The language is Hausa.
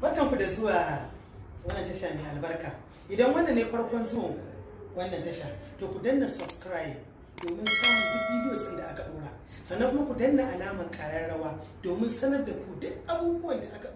barkanku da zuwa wannan tasha mai albarka idan wannan ne farkon zuwan wannan tasha to ku danna subscribe domin samun duk bidiyo da aka dora sannan kuma ku danna alamar ƙararrawa domin sanar da ku duk abubuwan da aka